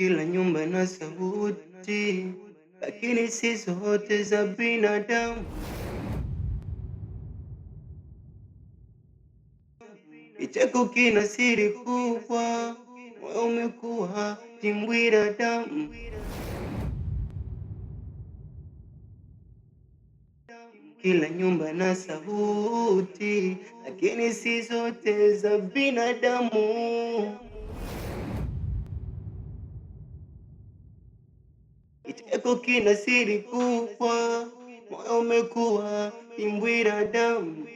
Kila nyumba na sauti, lakini si zote za binadamu. Kicheko kina siri kubwa, moyo umekuwa dimbwi la damu. Kila nyumba na sauti, lakini si zote za binadamu. kukina siri kubwa, moyo umekuwa imbwira damu.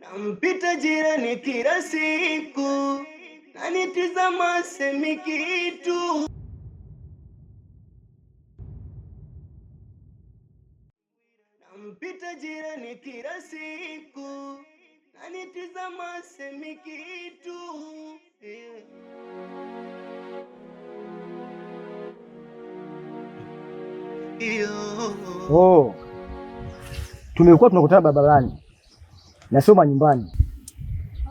Nampita jirani kila siku, nanitizama semi kitu Nampita jirani kila siku, nanitizama semi kitu Eh. Oh. Tumekuwa tunakutana barabarani na sio manyumbani.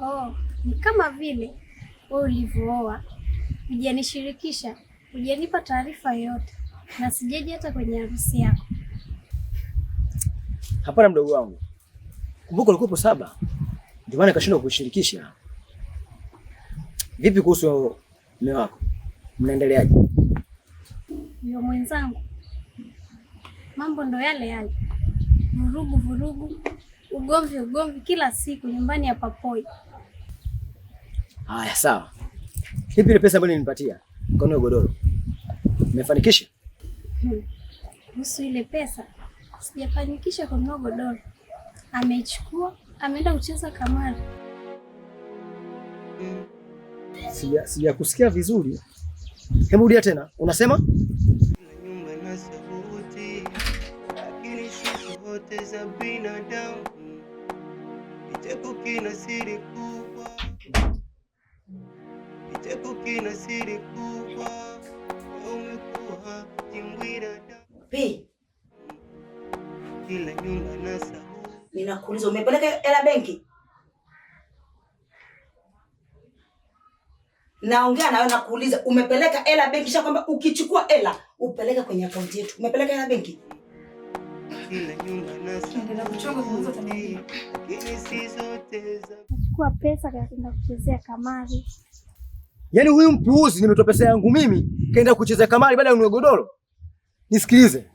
Oh, ni kama vile wewe ulivyooa, hujanishirikisha, hujanipa taarifa yoyote na sijaje hata kwenye harusi yako. Hapana mdogo wangu, kumbuka ulikuwepo saba, ndio maana nikashindwa kukushirikisha. Vipi kuhusu mume wako, mnaendeleaje? Ndio mwenzangu, mambo ndo yale yale, vurugu vurugu, ugomvi ugomvi, kila siku nyumbani ya papoi. Haya, sawa. Vipi ile pesa ambayo nilipatia mkono godoro, umefanikisha? Hmm. Kuhusu ile pesa sijafanikisha kununua godoro, ameichukua ameenda kucheza kamari sija kusikia vizuri. Hebu rudia tena, unasema ninakuuliza umepeleka hela benki? naongea nawe nakuuliza, umepeleka hela benki? Sha kwamba ukichukua hela upeleke kwenye akaunti yetu. Umepeleka hela benki? Nachukua pesa kaenda kuchezea kamari. Yaani huyu mpuuzi, nimetoa pesa yangu mimi kaenda kuchezea kamari baada ya unue godoro. Nisikilize,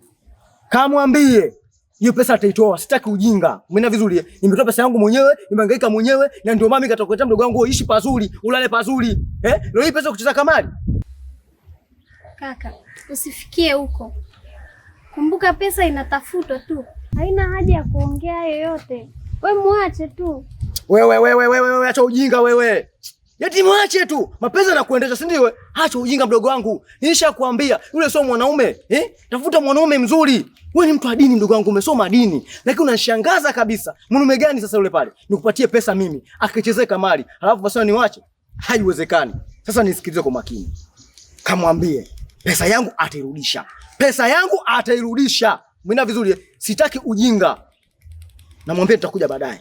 kamwambie hiyo pesa ataitoa, sitaki ujinga. Mimi vizuri, nimetoa pesa yangu mwenyewe, nimehangaika mwenyewe, na ndio mami nikatakuletea mdogo wangu uishi pazuri, ulale pazuri. Eh? Leo hii pesa kucheza kamari. Kaka, usifikie huko. Kumbuka pesa inatafutwa tu. Haina haja ya kuongea yoyote. We muache tu. Wewe wewe wewe wewe acha ujinga wewe. Yati mwache tu. Mapenzi yanakuendesha, si ndiwe? Acha ujinga mdogo wangu. Nilishakwambia yule sio mwanaume. Eh? Tafuta mwanaume mzuri. Wewe ni mtu wa dini mdogo wangu, umesoma dini. Lakini unashangaza kabisa. Mwanaume gani sasa yule pale? Nikupatie pesa mimi, akichezeka kamari. Alafu basi niwache. Haiwezekani. Sasa nisikilize kwa makini. Kamwambie, pesa yangu atairudisha. Pesa yangu atairudisha. Mwina vizuri, eh? sitaki ujinga. Namwambia nitakuja baadaye.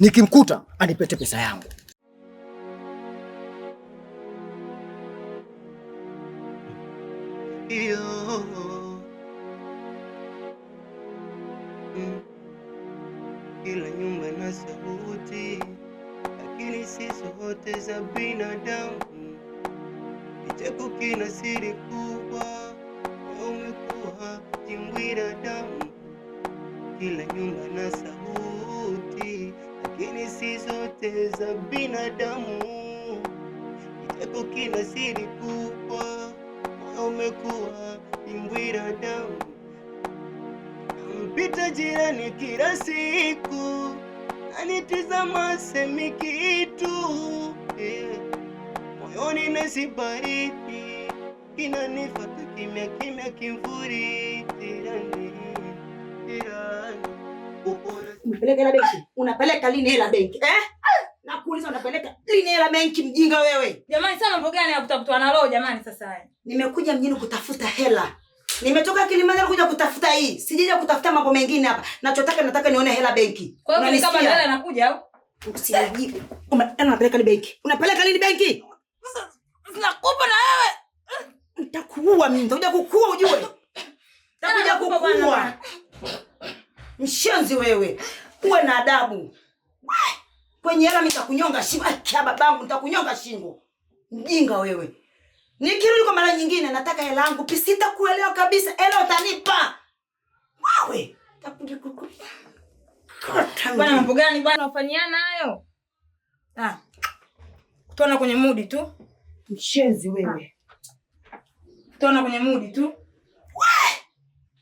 Nikimkuta anipete pesa yangu. kila nyumba na sauti, lakini si zote za binadamu. Kitako kina siri kubwa, moyo umekuwa imbwira damu, nampita jirani kila siku anitizama semi kitu yeah. Moyoni nasi baridi kimia kimya kimya kimvuri jirani yeah. Unapeleka hela benki? Unapeleka lini hela benki? Eh? Nakuuliza unapeleka lini hela benki mjinga wewe? Jamani sana mambo gani ya kutafuta na roho jamani sasa haya. Nimekuja mjini kutafuta hela. Nimetoka Kilimanjaro kuja kutafuta hii. Sijaja kutafuta mambo mengine hapa. Nachotaka nataka nione hela benki. Kwa hiyo kama hela inakuja au? Usijibu. Unapeleka lini benki? Unapeleka lini benki? Nakupa na wewe. Nitakuua mimi. Nitakuja kukua ujue. Nitakuja kukua Mshenzi wewe, uwe na adabu. Kwenye hela nitakunyonga shingo, akia ah, babangu, nitakunyonga shingo. Mjinga wewe. Nikirudi kwa mara nyingine, nataka hela yangu. Pisita kuelewa kabisa, hela utanipa wewe. Bwana, mambo gani bwana unafanyiana hayo? Ah. Tuona kwenye mudi tu. Mshenzi wewe. Tuona kwenye mudi tu.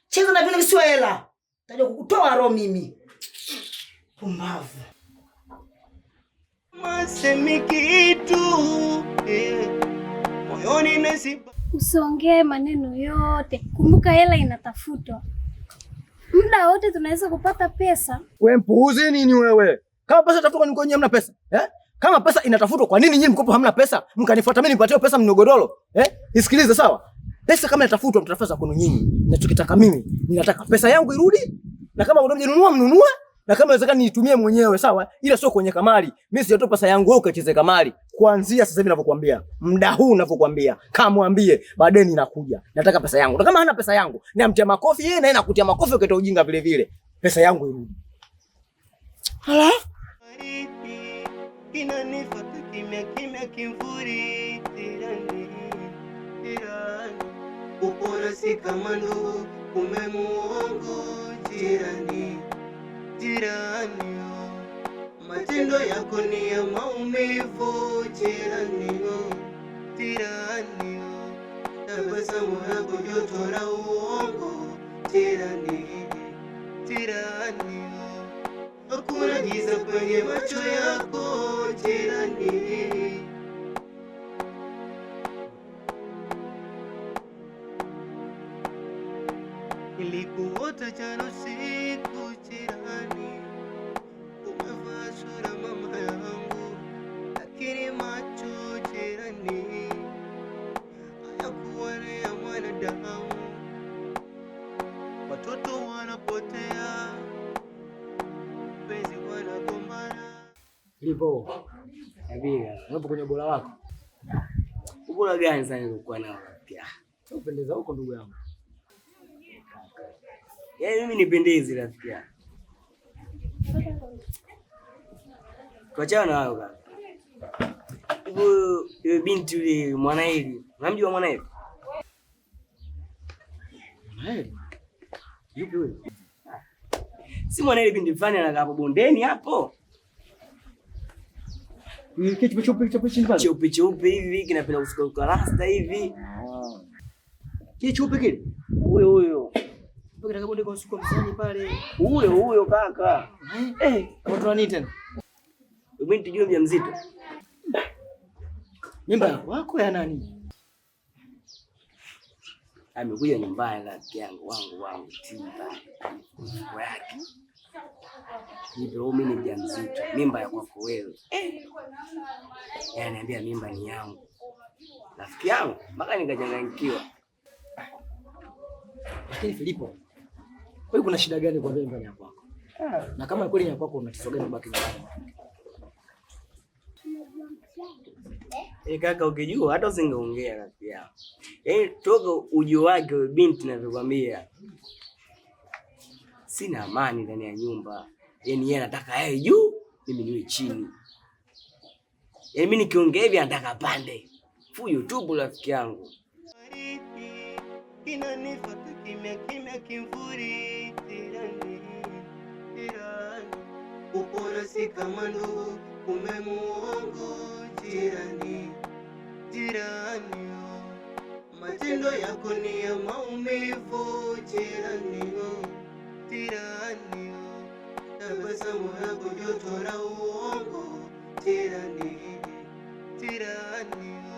Cheza na vile visio hela. Taja kukutoa roho mimi. Pumbavu. Masemi kitu. Eh. Moyoni nasiba. Usongee maneno yote. Kumbuka hela inatafutwa. Muda wote tunaweza kupata pesa. We mpuuzi nini wewe? Kama pesa tafutwa ni kwenye hamna pesa. Eh? Kama pesa inatafutwa kwa nini nyinyi mkopo hamna pesa? Mkanifuata mimi nipatie pesa mnogodoro. Eh? Nisikilize sawa? Pesa kama inatafutwa mtatafuta kwenu nyinyi. Ninachokitaka mimi, ninataka pesa yangu irudi, na kama unajinunua mnunue, na kama inawezekana nitumie mwenyewe sawa, ila sio kwenye kamari. Mimi sijatoa pesa yangu wewe ukacheze kamari. Kuanzia sasa hivi ninavyokuambia, muda huu ninavyokuambia, kamwambie baadaye ninakuja. Nataka pesa yangu. Na kama hana pesa yangu, niamtia makofi yeye na yeye nakutia makofi ukitoa ujinga vile vile. Pesa yangu irudi. Hala? Inanifuata kimya kimya kimvuri tirani. Tirani. Uporosi kama ndugu umemuongo jirani, jirani Matendo yako ni ya maumivu jirani jirani yo. Tabasamu lako joto la uongo jirani, jirani Hakuna giza kwenye macho yako jirani kuota jana usiku jirani, umevaa sura mama yangu, lakini macho jirani hayakuwa ya mwanadamu. Watoto wanapotea, penzi wanagombana. Lipo hapo kwenye ubora wako, ubora gani sasa? Nilikuwa nao pia upendeza huko, ndugu yangu Yaani mimi nipendezi rafiki yangu. Kochana wao huyu yule binti yule Mwanaeli. Unamjua Mwanaeli? Mwanaeli. Yupi wewe? Ah. Si Mwanaeli binti fulani anakaa hapo bondeni hapo. chupi chupi hivi kinapenda kusuka rasta hivi. Ah. Kile cheupe kile. Huyo huyo huyo huyo kaka. Eh, watu wani tena? Binti Juma mjamzito. Mimba wako ya nani? Amekuja nyumbani na rafiki yangu wangu wangu Timba. Kwa yake. Hivyo mimi ni mjamzito. Mimba ya kwako wewe. Eh. Yeye ananiambia mimba ni yangu. Rafiki yangu mpaka nikachanganyikiwa. Lakini Filipo wewe kuna shida gani kwa ndani ya kwako? Ah. Na kama kweli nyako kwako una tatizo gani baki nyumbani? Eh, kaka ukijua hata usingeongea rafiki yao. Yaani eh, toka ujio wake wewe binti navyokwambia. Sina amani ndani ya nyumba. Yaani yeye anataka yeye juu, mimi niwe chini. Yaani mimi nikiongea hivi anataka pande. Fuyo tu rafiki yangu. Kimya kimya kimvuri jirani, jirani upona si kama ndugu, kumbe Mungu jirani, jirani matendo yako ni ya maumivu jirani, jirani tabasamu lako joto la uongo jirani, jirani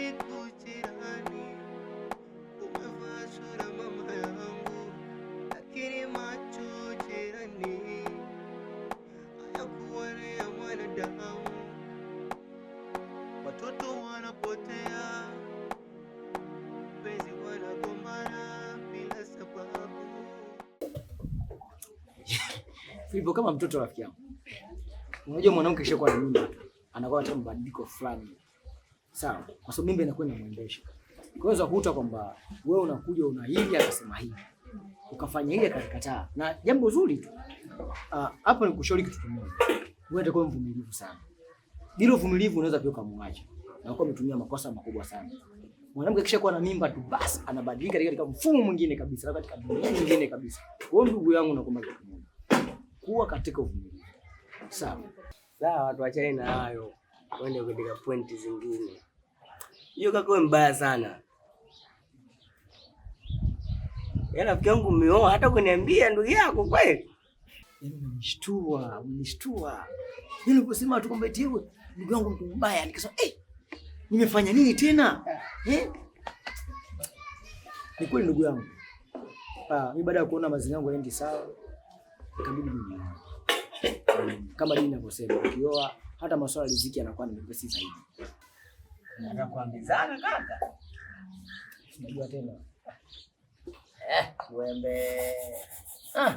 Fibo, kama mtoto rafiki yangu. Unajua mwanamke kisha na mimba anakuwa hata mabadiliko fulani. Sawa? Kwa sababu mimba inakuwa inamuendesha. Kwa hiyo zakuta kwamba wewe unakuja una hili akasema hivi. Ukafanya hili akakataa. Na jambo zuri tu. Ah, hapa nikushauri kitu kimoja. Wewe utakuwa mvumilivu sana. Bila uvumilivu unaweza pia ukamwacha. Na uko umetumia makosa makubwa sana. Mwanamke kisha kuwa na mimba tu basi anabadilika katika mfumo mwingine kabisa, katika dunia nyingine kabisa. Kwa hiyo ndugu yangu nakwambia kuwa katika uvumilivu. Sawa sawa, tuachane na hayo, uende katika pointi zingine. Hiyo kaka, mbaya sana. Yaani rafiki yangu umeoa hata kuniambia ndugu yako kweli? Yaani umenishtua, umenishtua. Niliposema tu kwamba eti wewe ndugu yangu mtu mbaya, nikasema eh, nimefanya nini tena? Eh? Ni kweli ndugu yangu. Ah, baada ya kuona mazingira yangu haendi sawa ikabidi dini kama nini ninavyosema, ukioa hata masuala ya riziki yanakuwa ni mepesi zaidi. Anakuambizana kaka, sijua tena eh, wembe ah,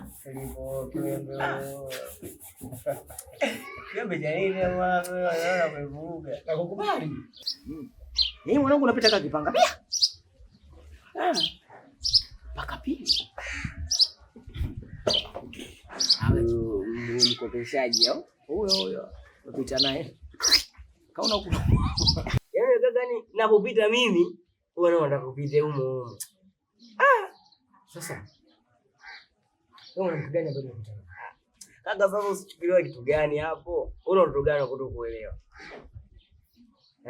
mwanangu, unapita pia ah. paka mkopeshaji au huyo huyo kupita naye kaona huko yaani, kaka ni yaani nakupita mimi, wewe ndio unataka kupite humo. Ah, sasa wewe una gani ambaye unakutana kaka? Sasa usichukuliwe kitu gani hapo, una mtu gani kutokuelewa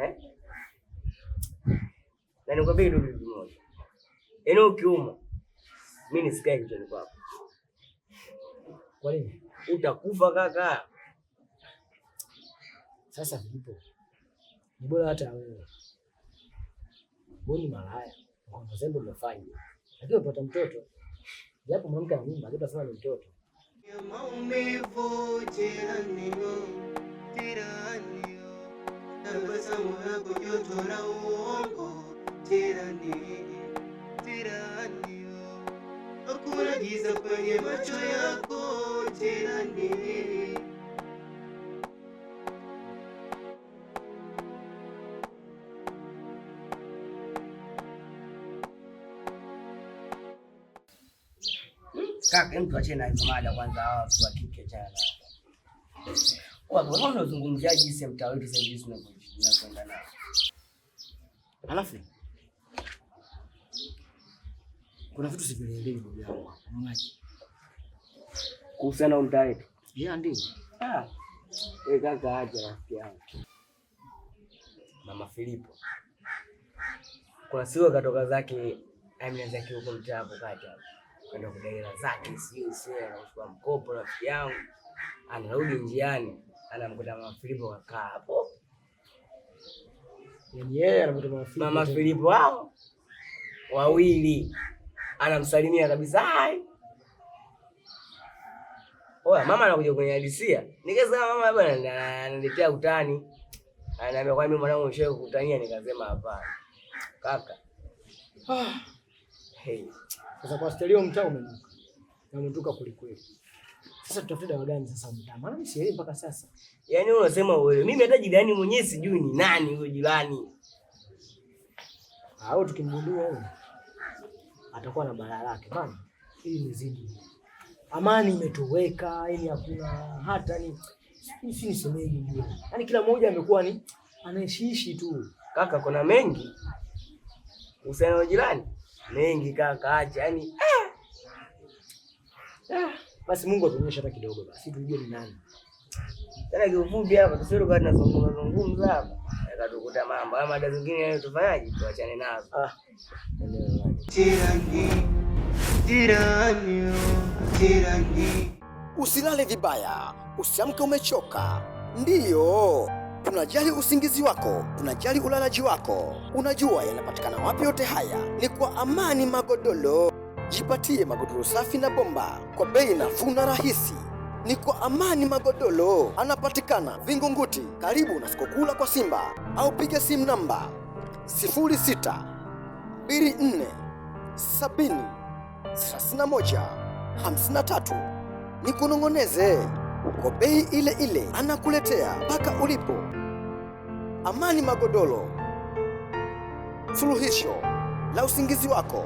eh? Na nikwambie kitu kimoja, eneo yaani kiuma mimi nisikai kitu kwako utakufa kaka. Sasa vipo ni bora hata wewe boni malaya zembe umefanya, lakini upata mtoto japo mwanamke ana mimba sana ni mtoto hakuna giza kwenye macho yako jirani. Kaka, mtu achene na hizo mada kwanza, hawa watu wa kike chana unazungumziaji sehemu tawetu sasa hivi tunavyokwenda alafu kuna vitu sivielewi ndugu yangu. Unaonaje? Kuhusiana na mtaani. Yeah, ndio. Ah. Eh, kaka aje rafiki yangu. Mama Filipo. Kwa sio katoka zake Amina zake huko mtaa kaja. Kwenda kudaira zake sio sio anachukua mkopo rafiki yangu. Anarudi njiani anamkuta Mama Filipo kakaa hapo. Yaani yeye anamkuta Mama Filipo. Mama Filipo wao wawili anamsalimia kabisa. Hai. Oya, mama anakuja kwenye hadisia. Nikasema mama bwana ananiletea utani. Ananiambia kwa mimi mwanangu mshe kutania Nikasema hapana. Kaka. Ah. Hey. Sasa kwa stereo mtaa umenuka. Na umetuka kulikweli. Sasa tutafuta dawa gani sasa mtaa? Maana mimi sielewi mpaka sasa. Yaani wewe unasema wewe. Mimi hata jirani mwenyewe sijui ni nani huyo jirani. Au ah, tukimgundua wewe atakuwa na balaa lake bana. hii imezidi, amani imetoweka, ili hakuna hata ni si nisemeje, yaani kila mmoja amekuwa ni anaishiishi tu. Kaka, kuna mengi usiana na jirani mengi kaka, acha yani ah! Ah! basi Mungu atuonyeshe hata kidogo, basi tujue ni nani tena. Kiufupi hapa tusirudi, tunazungumza hapa akatukuta mambo ama mada zingine tufanyaje? Tuachane nazo. Ah. Usilale vibaya, usiamke umechoka. Ndiyo, tunajali usingizi wako, tunajali ulalaji wako. Unajua yanapatikana wapi? Yote haya ni kwa Amani Magodoro. Jipatie magodoro safi na bomba kwa bei nafuu na rahisi ni kwa Amani Magodolo, anapatikana Vingunguti karibu na sikokula kwa Simba, au piga simu namba 06 nikunong'oneze kwa bei ile ile, anakuletea mpaka ulipo. Amani magodolo suluhisho la usingizi wako.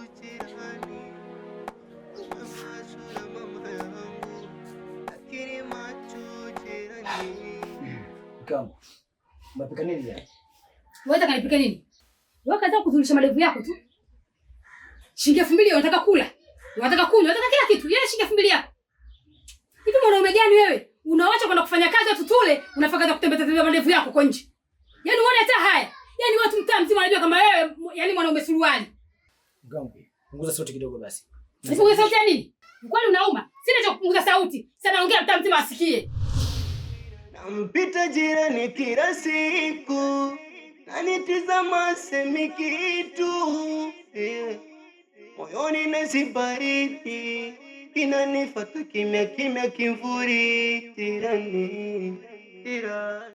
Unapika nini ya? Unaweza kanipika nini? Wewe kaza kudhulisha malevu yako tu. Shilingi elfu mbili unataka kula. Unataka kunywa, unataka kila kitu. Yeye shilingi elfu mbili yako. Hivi mwanaume gani wewe? Unawacha kwenda kufanya kazi watu tule, unafanya kutembea tembea malevu yako huko nje. Yaani uone hata haya. Yaani watu mtaa mzima wanajua kama wewe yaani mwanaume suruali. Gongo. Punguza sauti kidogo basi. Sasa sauti ya nini? Kwani unauma? Sina cha kupunguza sauti. Sasa naongea mtaa mzima asikie nampita jirani kila siku anitizama semi kitu eh, Moyoni nahisi baridi inanifata kimya kimya, kimvuri jirani tirani